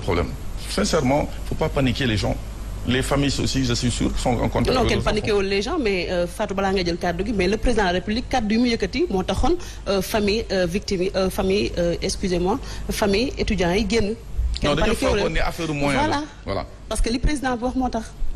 problème sincèrement faut pas paniquer les gens les familles aussi je suis sûr sont en contact. non kenn les gens mais euh, Fatou balaa nga jël kàddu gi mais le président de la république kàddu yi mu yëkkati moo taxoon euh, famille euh, victime famille excusez-moi famille étudiants yi génn. kenn ne affaire voilà parce que li président bi wax moo tax.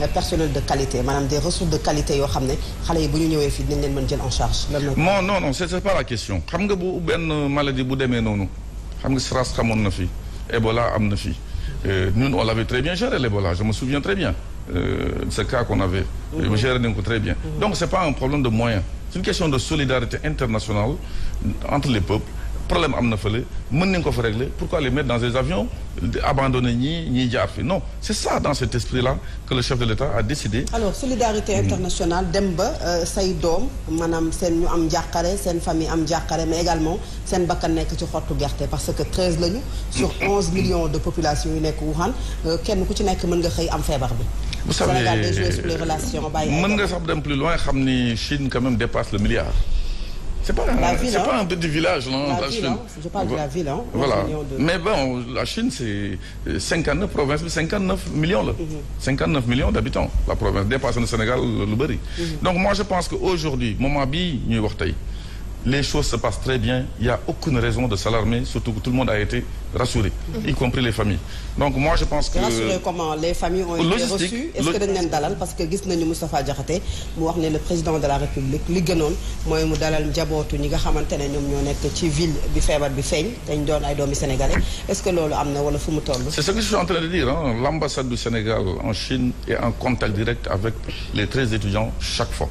Euh, personnel de qualité maanaam des ressources de qualité yoo xam ne xale yi bu ñu ñëwee fii dinañ leen mën jël en charge. non non non c'est pas la question xam nga bu benn maladie bu demee noonu xam nga SRAS xamoon na fi Ebola am na fi euh, ñun on l'avait très bien géré l'Ebola je me souviens très bien euh, ce cas qu'on avait. géré nañ ko très bien. donc c'est pas un problème de moyens c'est une question de solidarité internationale entre les peuples. problème am na fële mën nañ ko fa régler pourquoi les mettre dans des avions abandonner ñii ñiy jaar fi non c' est ça dans cet esprit là que le chef de l' a décidé. solidarité hmm. internationale dem ba euh, say doom maanaam seen ñu am njàqare seen famille am njàqare mais également seen bakkan nekk ci xottu gerte parce que treize lañu. sur hmm. onze millions de population yu nekk Wuhan euh, kenn ku ci nekk mën nga xëy am feebar bi. vous savez Sénégal day jouer sur les relations bàyyi. mën nga sax dem plus loin xam ni Chine quand même dépasse C'est pas, pas, un petit village, non la, la ville, Chine. Hein, je parle de la ville. Hein, voilà. De... Mais bon, la Chine, c'est 59 euh, provinces, 59 millions. Là. Mm -hmm. 59 millions d'habitants, la province. Dépasse le Sénégal, le Berry. Mm -hmm. Donc moi, je pense qu'aujourd'hui, moment bi, nous les choses se passent très bien il y a aucune raison de s'alarmer surtout que tout le monde a été rassuré mm -hmm. y compris les familles donc je pense que comment les familles ont été reçues est-ce que dañ leen dalal parce que gis nañu Moustapha Diakhaté mu wax ne le président de la République li gënoon mooy mu dalal njabootu ñi nga xamante ne ñoom ñoo nekk ci ville bi feebar bi feeñ dañ doon ay doomi sénégalais est-ce que loolu am na wala fu mu toll c'est ce que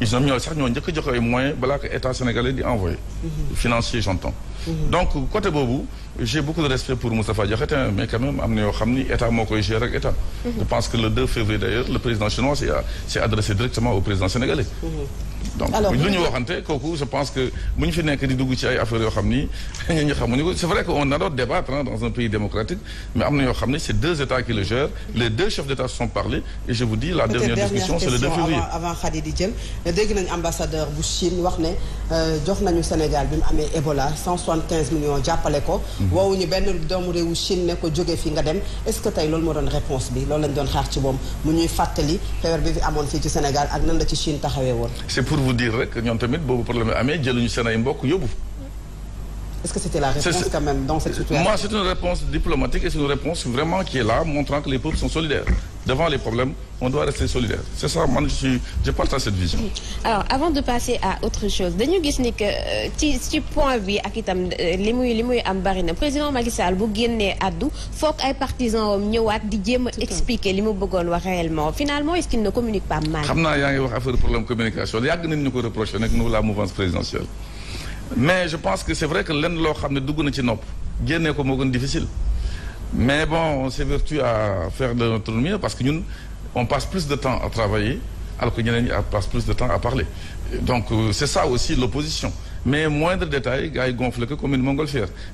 ils ont ñoo sax ñoo njëkk a ay moyens balaa état sénégalais di envoyé. Mhm. financier j'entends. Mhm. donc côté boobu j'ai beaucoup de respect pour Moustapha Diakhaté mais quand même am yoo xam ni état moo koy gérer ak état. Mhm. je pense que le février d'ailleurs le président chinois s'est adressé directement au président sénégalais. donc lu ñu waxante kooku je pense que bu ñu fi nekk di dugg ci ay affaires yoo xam ni ñu ñu xamuñu ko c'est vrai qu'on adore débattre dans un pays démocratique mais am na yoo xam ne c'est deux états qui le gèrent les deux chefs d'état se sont parlé et je vous dis la dernière discussion c'est le 2 jël dégg nañu ambassadeur bu Chine wax ne euh, jox nañu Sénégal bi mu amee Ebola 175 jàppale ko mhm. woowuñu benn doomu réewu Chine ne ko fi nga dem est-ce que tey loolu moo doon réponse bi loolu lañ ak la ci Chine taxawee woon vous dire rek ñoom tamit boobu problème la amee jëluñu seen ay mbokk yóbbu. est-ce que c'était la réponse quand même dans cette euh, situation? moi c'est une réponse diplomatique et c'est une réponse vraiment qui est là montrant que les peuples sont solidaires. devant les problèmes, on doit rester solidaire. C'est ça, man, je, avant de passer à autre chose, dañu gis ni que euh, ci ci point bi ak itam euh, li muy li muy am président Macky Sall bu génnee addu foog ay partisans am ñëwaat di jéem a expliquer li mu bëggoon wax réellement finalement est-ce qu'il ne communique pas mal. xam naa yaa ngi wax problème communication yàgg nañu ñu ko reproché nag nous la mouvance présidentielle mais je pense que c'est vrai que lenn loo xam ne dugg na ci nopp génnee ko mais bon on s'évertue à faire de notre parce que ñun on passe plus de temps à travailler alors que ñeneen ñi passe plus de temps à parler donc euh, c'est ça aussi l'opposition mais moindre détail gars yi que comme une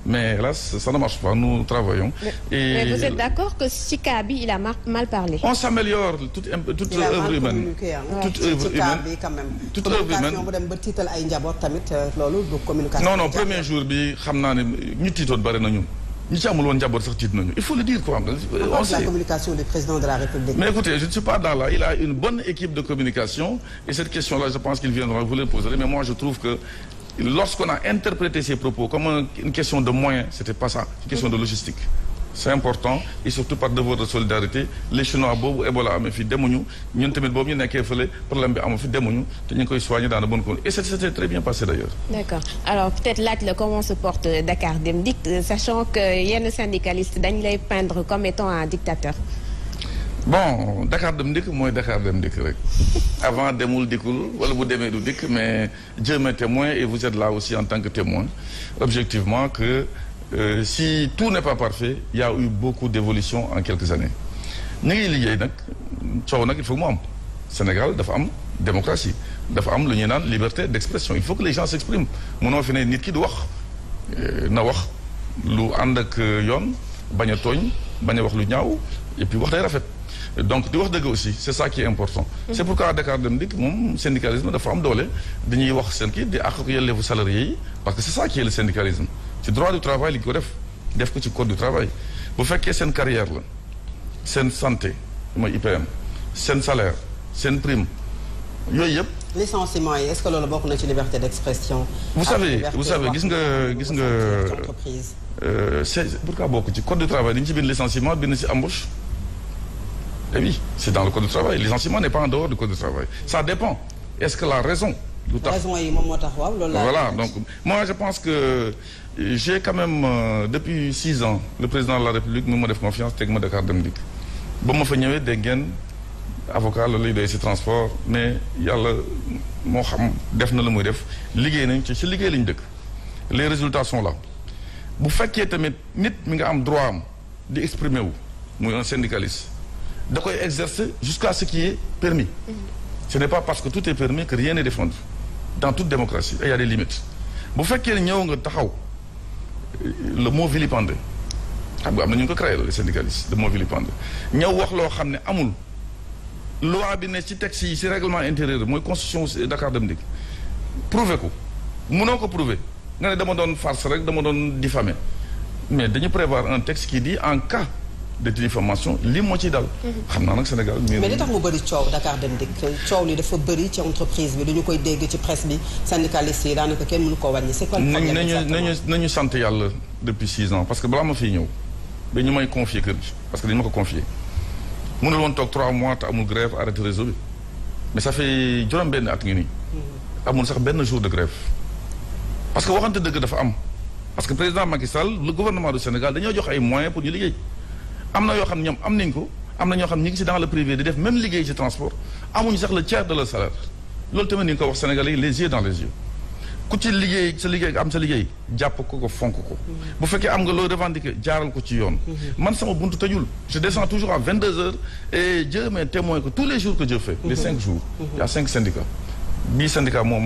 mais là ça ne marche pas nous travaillons. et mais vous êtes d'accord que si bi il a mal parlé. on s'améliore toute euh, toute œuvre humaine. toute œuvre humaine ay njaboot tamit euh, loolu du communication. non non premier jour bi xam naa ne ñu tiitoon bari na ñun. ñi ci amul woon njaboot sax tiit nañu il faut le dire quoi. mais écoutez je ne suis pas dans là il a une bonne équipe de communication et cette question là je pense qu'il viendra vous le poser mais je trouve que. lorsqu'on a interprété ses propos comme une question de moyens c'était pas ça question de logistique c'est important et surtout par devoir de solidarité les chinois boobu Ebola amee fi demuñu ñun tamit boobu ñu nekkee fële problème bi amu fi demuñu te ñu ngi koy soigner dans de bonnes conditions et ça s'était très bien passé d'ailleurs d'accord alors peut-être laaj la comment se porte euh, Dakar Dem Dikk euh, sachant que yenn syndicaliste dañ lay peindre comme étant un dictateur bon Dakar Dem Dikk mooy Dakar Dem Dikk rek avant demul dikkul wala bu demee du dikk mais Dieu m'est témoin la vous êtes là aussi en tant que témoin objectivement que euh, si tout n'est pas parfait il y eu beaucoup d'évolution en quelques années ñu ngi liggéey nag coow nag il faut mu am Sénégal dafa am démocratie dafa am lu ñuy naan liberté d'expression il faut que les gens s'expriment mënoo fi ne nit ki du wax euh, na wax lu ànd ak euh, yoon bañ a tooñ bañ a wax lu ñaaw et puis wax day rafet donc di wax dëgg aussi c'est ça qui est important mhm. c'est pourquoi Dakar Dem Dikk moom syndicalisme dafa am doole dañuy wax seen kii di àq ak yelleefu salariés yi que c'est ça qui est le ci droit du travail li ko def def ko ci code du travail bu fekkee seen carrière la seen santé mooy IPM seen salaire seen prime yooyu yëpp. licenciement yi est-ce que loolu bokk na ci liberté d'expression. vous savez vous savez gis nga gis nga. entreprise. Euh, c'est pourquoi bokk ci code du travail dañu ci bind licenciement bind ci embauche. eh oui c'est dans le code du travail licenciement n'est pas en dehors du code du travail ça dépend est-ce que la raison. lu tax raison yi moo tax waaw loolu laa voilà donc moi je pense que euh, j'ai quand même euh, depuis six ans le président de la république mu ma def confiance teg ma de Dem Dikk ba ma fa ñëwee dégg ngeen avocat la lay doy si transport mais yàlla moo xam def na la muy def liggéey nañ ci si liggéey lañ dëkk les résultats sont là bu fekkee tamit nit mi nga am droit am di exprimer wu muy un syndicaliste da koy exercer jusqu'à ce qui est permis mm-hmm. ce n'est pas parce que tout est permis que rien n'est défendu dans toute démocratie il y limite des limites bu fekkee ñëw nga taxaw le mot vilipendé xam nga am na ñu ngi ko créé les syndicalistes le mot vilipendé ñëw wax loo xam ne amul loi bi ne ci texte yi si règlement intérieur mooy constitution Dakar Dem Dikk prouver ko mënoo ko prouver nga ne dama doon farce rek dama doon diffamer mais dañu prévoir un texte kii di en cas de diffamation lii moo ciy dal. Mhm. xam naa nag Sénégal mais li tax mu bëri coow Dakar Dem Dikk coow li dafa bëri ci entreprise bi dañu koy dégg ci presse bi syndicaliste yi daanaka kenn mënu ko wàññi. c'est quoi sant yàlla depuis six ans parce que balaa ma fiy ñëw dañu may confier kër gi parce que dañu ma ko confier mënul woon toog trois mois te amul grève arrêté réseau bi mais ça fait juróom benn at ngi nii. Mhm. amul sax benn jour de grève parce que waxante dëgg dafa am parce am na yoo xam ñoom am nañ ko am na ñoo xam ñu ngi si dans le privé di def même liggéey ci transport amuñu sax le tiers de leur salaire loolu tamit ni nga ko wax sénégalais yi les yeux dans les yeux ku ci liggéey sa liggéey am sa liggéey jàpp ko ko fonk ko mm-hmm. bu fekkee am nga loo revendiquer jaaral ko ci yoon mm-hmm. man sama buntu tëjul je descends toujours à 22 heures et Dieu m'est témoin que tous les jours que je fais les mm-hmm. cinq jours il cinq syndicats bii syndicat moom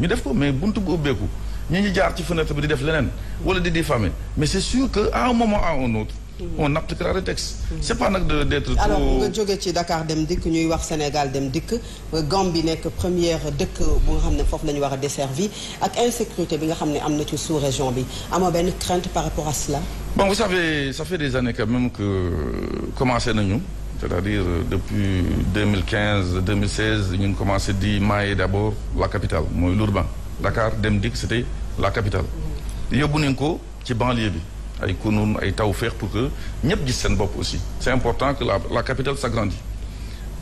ñu def ko mais bunt bu ubbeeku ñi ñu jaar ci fenêtre bi di def leneen wala di diffamer mais c'est sûr que à un moment à un autre mm-hmm. on appliquera le texte. Mm-hmm. c'est pas nag de d'être trop. alors nga jóge ci Dakar dem dikk ñuy wax Sénégal dem dikk Gambie nekk première dëkk bu nga xam ne foofu nañu war a desservi ak insécurité bi nga xam ne am na ci sous-région bi amoo benn crainte par rapport à cela. bon vous savez ça fait des années quand euh, nañu. c'est-à-dire euh, depuis 2015 2016 ñu ngi commencé di maye d'abord la capitale mooy l'urbain Dakar dem dikk c'était la capitale yóbbu nañ ko ci banlieue bi ay Kounoune ay Tawfekh pour que ñëpp gis seen bopp aussi c'est important que la la capitale s'agrandit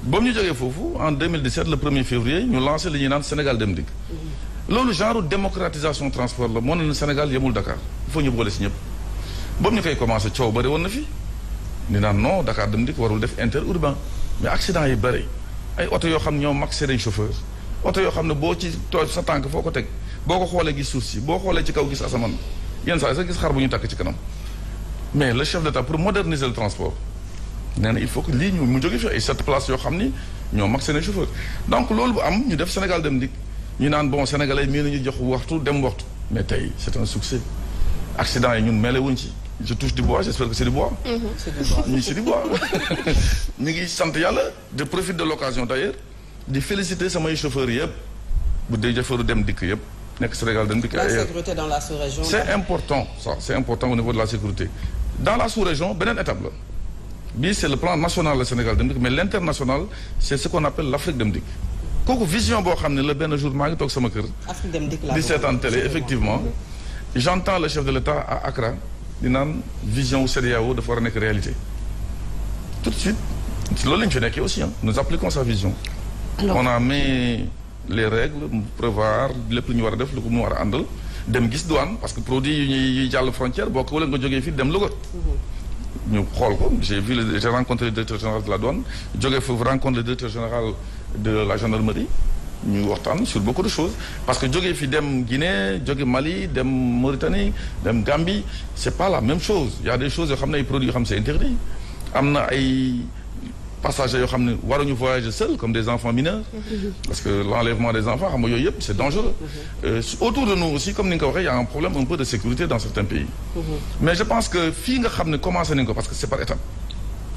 ba mu ñu jógee foofu en 2017 le 1er février ñu lancé li ñuy naan Sénégal dem dikk loolu genre démocratisation transport la moo ne Sénégal yemul Dakar il faut ñu boole si ñëpp boobu ñu koy commencé coow bari woon na fi ni naan non Dakar dem dikk warul def interurbain mais accident yi bëri ay oto yoo xam ne ñoo mag seen chauffeur oto yoo xam ne boo ci too sa tànk foo ko teg boo ko xoolee gis suuf si boo xoolee ci kaw gis asamaan yenn saa yi sax gis bu ñu takk ci kanam mais le chef d'État pour moderniser le nee na il faut que lii ñu mu jóge fi ay sept places yoo xam ni ñoo mag seen chauffeur donc loolu bu am ñu def Sénégal dem dikk ñu naan bon sénégalais mii la ñu jox waxtu dem waxtu mais tey c'est un succès accident yi ñun mele wuñ ci je touche du bois j'espère que c'est du bois. ñii mhm. c'est du bois ñu ngi sant yàlla de profite de l'occasion d'ailleurs di féliciter samay chauffeurs yëpp bu dee chauffeur dem dikk yëpp nekk Sénégal dem dikk ailleurs. la sécurité dans la sous-région. c'est important ça c'est important au niveau de la sécurité dans la sous-région beneen étape la bii c'est le plan national la Sénégal dem dikk mais l'international c'est ce qu'on appelle l'Afrique dem dikk. kooku vision boo xam ne la benn jour maa ngi toog sama kër. Afrique dem dikk la di seetaan télé effectivement j'entends le chef de l'État à di naan vision wu CEDEAO dafa war a nekk réalité tout de suite loolu la ñu nekkee aussi ah nous appliquons sa vision. Alors, on a mis les règles mu prévoir lépp lu ñu war a def lu ko mu war a àndal dem gis douane parce que produit yu ñuy yuy jàll frontière boo ko wala nga jogee fii dem Louga. Mhm. ñu xool ko j'ai vu j'ai rencontré le directeur général de la douane jógee foofu rencontre le directeur général de la gendarmerie. ñuy waxtaan sur beaucoup de choses parce que jógee fi dem Guinée jóge Mali dem Mauritanie dem c'est pas la même chose y a des choses yoo c'est interdit am na ay passagers yoo xam ne waruñu voyager seul comme des enfants mineurs parce que l'enlèvement des enfants xam nga c'est dangereux euh, autour de nous aussi comme ni nga ko waxee y un problème de sécurité dans certains pays mhm. mais je pense que fii nga xam ne commencé nañ ko parce que c'est par étape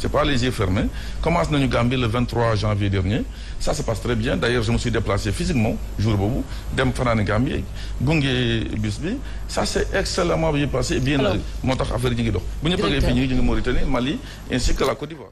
c'est pas les yeux fermés commence nañu Gambie le janvier dernier ça se passe très bien d'ailleurs je me suis déplacé physiquement jour boobu dem fanaani Gambie gunge bus bi ça bien passé bien moo tax ngi dox bu ñu pegee fii ngi Mauritanie Mali ainsi que la Côte d'Ivoire